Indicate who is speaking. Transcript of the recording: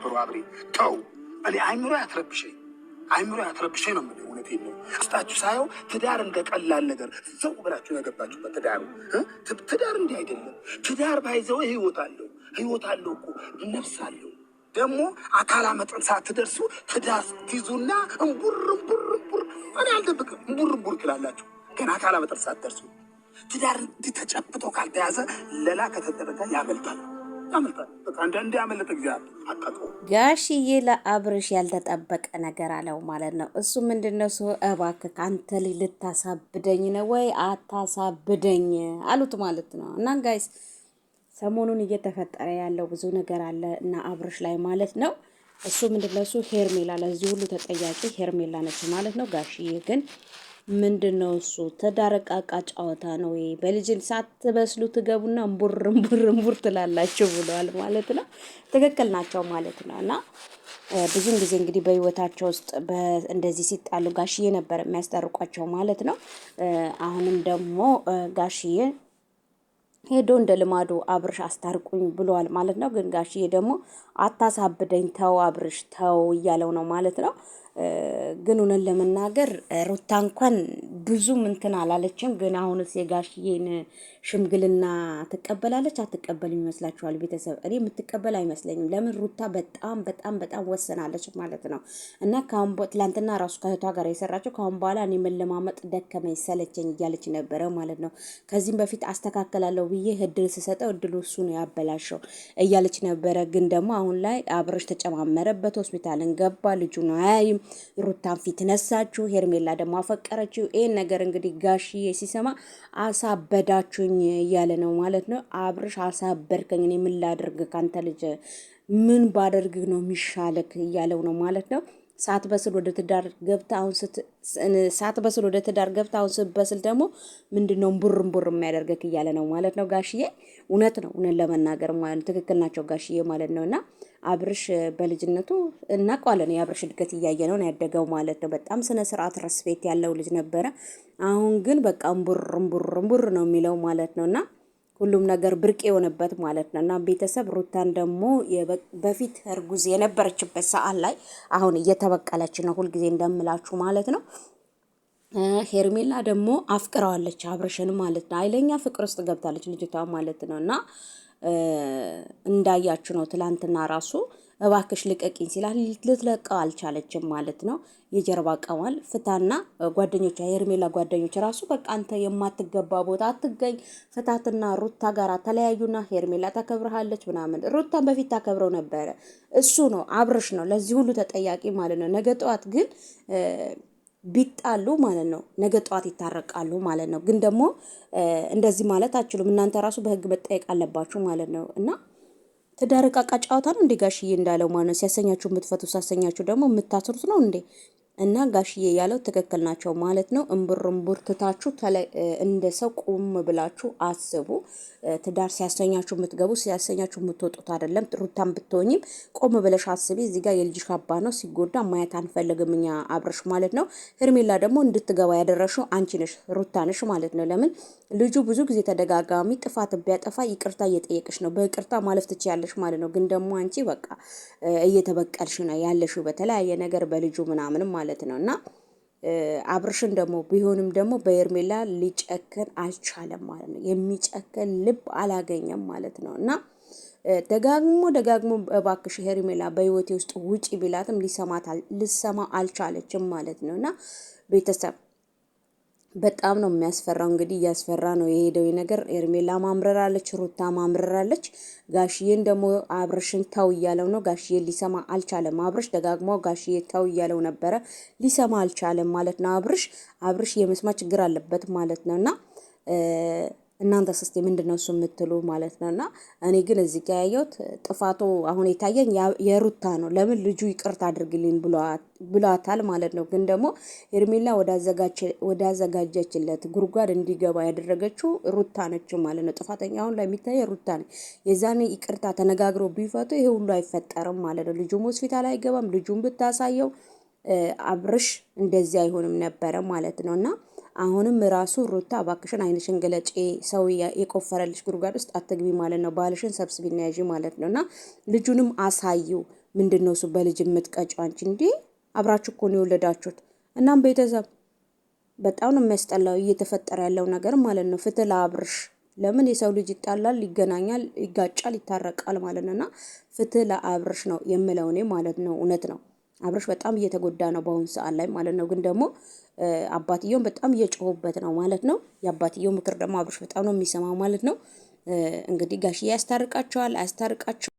Speaker 1: ነበሩ አብሬ። ተው እኔ አይምሮ ያትረብሸኝ አይምሮ ያትረብሸኝ ነው የምልህ። እውነቴን ነው ስጣችሁ ሳየው ትዳር እንደ ቀላል ነገር ዘው ብላችሁ ያገባችሁበት ትዳሩ ትዳር እንዲህ አይደለም። ትዳር ባይዘው ህይወት አለው ህይወት አለው እኮ ነፍስ አለው። ደግሞ አካላ መጠን ሳትደርሱ ትዳር ስትይዙና እምቡር እምቡር እምቡር እኔ አልደብቅም እምቡር እምቡር ትላላችሁ ገና አካላ መጠን ሳትደርሱ ትዳር እንዲህ ተጨብጦ ካልተያዘ ለላ ከተደረገ ያመልጣል። ያመልጣል። በቃ አንዳንዴ ያመለጠ ጊዜ አቃጠ።
Speaker 2: ጋሽዬ ለአብርሽ ያልተጠበቀ ነገር አለው ማለት ነው። እሱ ምንድን ነው ሰው እባክህ ከአንተ ልጅ ልታሳብደኝ ነው ወይ አታሳብደኝ አሉት ማለት ነው። እና ጋይስ ሰሞኑን እየተፈጠረ ያለው ብዙ ነገር አለ እና አብርሽ ላይ ማለት ነው። እሱ ምንድን ነው እሱ ሄርሜላ ለዚህ ሁሉ ተጠያቂ ሄርሜላ ነች ማለት ነው። ጋሽዬ ግን ምንድን ነው እሱ? ተዳረቃቃ ጨዋታ ነው ይሄ። በልጅ ሳትበስሉ ትገቡና እምቡር እምቡር እምቡር ትላላችሁ ብለዋል ማለት ነው። ትክክል ናቸው ማለት ነው። እና ብዙን ጊዜ እንግዲህ በህይወታቸው ውስጥ እንደዚህ ሲጣሉ ጋሽዬ ነበር የሚያስጠርቋቸው ማለት ነው። አሁንም ደግሞ ጋሽዬ ሄዶ እንደ ልማዱ አብርሽ አስታርቁኝ ብለዋል ማለት ነው። ግን ጋሽዬ ደግሞ አታሳብደኝ፣ ተው አብርሽ ተው እያለው ነው ማለት ነው። ግን እውነት ለመናገር ሩታ እንኳን ብዙም እንትን አላለችም። ግን አሁንስ የጋሽዬን ሽምግልና ትቀበላለች አትቀበልም ይመስላችኋል? ቤተሰብ እኔ የምትቀበል አይመስለኝም። ለምን ሩታ በጣም በጣም በጣም ወሰናለች ማለት ነው። እና ከአሁን ትላንትና ራሱ ከእህቷ ጋር የሰራቸው ከአሁን በኋላ እኔ መለማመጥ ደከመኝ ሰለቸኝ እያለች ነበረ ማለት ነው። ከዚህም በፊት አስተካከላለሁ ብዬ እድል ስሰጠው እድሉ እሱ ነው ያበላሸው እያለች ነበረ። ግን ደግሞ አሁን ላይ አብረሽ ተጨማመረበት፣ ሆስፒታልን ገባ፣ ልጁን አያይም ሩታን ፊት ነሳችሁ፣ ሄርሜላ ደግሞ አፈቀረችው። ይህን ነገር እንግዲህ ጋሽዬ ሲሰማ አሳበዳችሁኝ እያለ ነው ማለት ነው። አብርሽ አሳበድከኝ፣ እኔ ምን ላድርግ ካንተ ልጅ ምን ባደርግ ነው የሚሻለክ እያለው ነው ማለት ነው። ሳትበስል ወደ ትዳር ገብታ አሁን ሳትበስል ወደ ትዳር ገብታ አሁን ስትበስል ደግሞ ምንድነው ቡርም ቡር የሚያደርግክ እያለ ነው ማለት ነው። ጋሽዬ እውነት ነው፣ እውነት ለመናገር ማለት ነው። ትክክል ናቸው ጋሽዬ ማለት ነው እና አብርሽ በልጅነቱ እናውቀዋለን። የአብርሽ እድገት እያየ ነው ያደገው ማለት ነው። በጣም ስነ ስርዓት ረስፔት ያለው ልጅ ነበረ። አሁን ግን በቃ እምቡር እምቡር እምቡር ነው የሚለው ማለት ነው እና ሁሉም ነገር ብርቅ የሆነበት ማለት ነው እና ቤተሰብ ሩታን ደግሞ በፊት እርጉዝ የነበረችበት ሰዓት ላይ አሁን እየተበቀለች ነው፣ ሁልጊዜ እንደምላችሁ ማለት ነው። ሄርሜላ ደግሞ አፍቅረዋለች አብርሽን ማለት ነው። ኃይለኛ ፍቅር ውስጥ ገብታለች ልጅቷ ማለት ነው እና እንዳያችሁ ነው። ትላንትና ራሱ እባክሽ ልቀቂኝ ሲላል ልትለቀው አልቻለችም ማለት ነው። የጀርባ ቀማል ፍታና ጓደኞች የሄርሜላ ጓደኞች ራሱ በቃ አንተ የማትገባ ቦታ አትገኝ፣ ፍታትና ሩታ ጋር ተለያዩና ሄርሜላ ታከብረሃለች ምናምን። ሩታን በፊት ታከብረው ነበረ። እሱ ነው አብርሽ ነው ለዚህ ሁሉ ተጠያቂ ማለት ነው። ነገ ጠዋት ግን ቢጣሉ ማለት ነው ነገ ጠዋት ይታረቃሉ ማለት ነው። ግን ደግሞ እንደዚህ ማለት አችሉም እናንተ ራሱ በህግ መጠየቅ አለባችሁ ማለት ነው እና ትዳር ዕቃ ጨዋታ ነው እንዴ ጋሽዬ እንዳለው ማለት ነው። ሲያሰኛችሁ የምትፈቱ ሳሰኛችሁ ደግሞ የምታስሩት ነው እንዴ? እና ጋሽዬ ያለው ትክክል ናቸው ማለት ነው። እምቡር ቡርትታችሁ እንደ ሰው ቁም ብላችሁ አስቡ። ትዳር ሲያሰኛችሁ የምትገቡ ሲያሰኛችሁ የምትወጡት አይደለም። ሩታን ብትሆኝም ቆም ብለሽ አስቢ። እዚህ ጋር የልጅሽ አባ ነው ሲጎዳ ማየት አንፈልግም እኛ አብረሽ ማለት ነው። ሄርሜላ ደግሞ እንድትገባ ያደረግሽው አንቺ ነሽ ሩታንሽ ማለት ነው። ለምን ልጁ ብዙ ጊዜ ተደጋጋሚ ጥፋት ቢያጠፋ ይቅርታ እየጠየቅሽ ነው። በይቅርታ ማለፍ ትችያለሽ ማለት ነው። ግን ደግሞ አንቺ በቃ እየተበቀልሽ ነው ያለሽው በተለያየ ነገር በልጁ ምናምንም ማለት ማለት ነው እና አብርሽን ደግሞ ቢሆንም ደግሞ በሄርሜላ ሊጨከን አልቻለም ማለት ነው። የሚጨከን ልብ አላገኘም ማለት ነው እና ደጋግሞ ደጋግሞ እባክሽ ሄርሜላ በህይወቴ ውስጥ ውጪ ቢላትም ሊሰማ አልቻለችም ማለት ነው እና ቤተሰብ በጣም ነው የሚያስፈራው። እንግዲህ እያስፈራ ነው የሄደው ነገር። ኤርሜላ ማምረራለች፣ ሩታ ማምረራለች። ጋሽዬን ደግሞ አብርሽን ተው እያለው ነው። ጋሽዬ ሊሰማ አልቻለም። አብርሽ ደጋግሞ ጋሽዬ ተው እያለው ነበረ፣ ሊሰማ አልቻለም ማለት ነው። አብርሽ አብርሽ የመስማት ችግር አለበት ማለት ነው እና እናንተ ስስቲ ምንድን ነው እሱ የምትሉ ማለት ነው። እና እኔ ግን እዚህ ጋ ያየሁት ጥፋቱ አሁን የታየኝ የሩታ ነው። ለምን ልጁ ይቅርታ አድርግልኝ ብሏታል ማለት ነው። ግን ደግሞ ሄርሜላ ወዳዘጋጀችለት ጉድጓድ እንዲገባ ያደረገችው ሩታ ነች ማለት ነው። ጥፋተኛ አሁን ላይ የሚታየ ሩታ ነ የዛን ይቅርታ ተነጋግሮ ቢፈቱ ይሄ ሁሉ አይፈጠርም ማለት ነው። ልጁም ሆስፒታል አይገባም። ልጁም ብታሳየው አብርሽ እንደዚህ አይሆንም ነበረ ማለት ነው እና አሁንም ራሱ ሩታ እባክሽን አይንሽን ገለጪ፣ ሰው የቆፈረልሽ ጉድጓድ ውስጥ አትግቢ ማለት ነው። ባልሽን ሰብስቢና ያዥ ማለት ነው። እና ልጁንም አሳዩ። ምንድን ነው እሱ በልጅ የምትቀጪ አንቺ? እንዴ አብራችሁ እኮ ነው የወለዳችሁት። እናም ቤተሰብ በጣም ነው የሚያስጠላው እየተፈጠረ ያለው ነገር ማለት ነው። ፍትህ ለአብርሽ። ለምን የሰው ልጅ ይጣላል፣ ይገናኛል፣ ይጋጫል፣ ይታረቃል ማለት ነው። እና ፍትህ ለአብርሽ ነው የምለው እኔ ማለት ነው። እውነት ነው። አብረሽ በጣም እየተጎዳ ነው በአሁኑ ሰዓት ላይ ማለት ነው። ግን ደግሞ አባትየውም በጣም እየጮሁበት ነው ማለት ነው። የአባትየው ምክር ደግሞ አብረሽ በጣም ነው የሚሰማው ማለት ነው። እንግዲህ ጋሽዬ ያስታርቃቸዋል አያስታርቃቸው